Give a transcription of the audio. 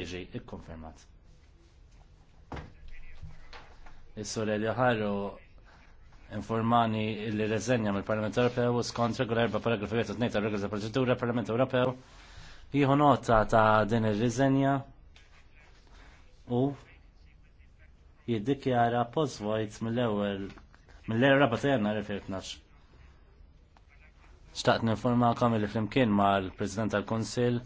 jiġi ikkonfermat. Is-sur li Ħarru informani li reżenja mill-Parlament Ewropew skont regola erba' paragrafi wieħed tnejn tar-regola ta' proċedura Parlament Ewropew jieħu nota ta' din ir-riżenja u jiddikjara post mill-ewwel mill-erba ta' jannar 2012. Xtaqt ninformakom li flimkien mal-President tal-Konsil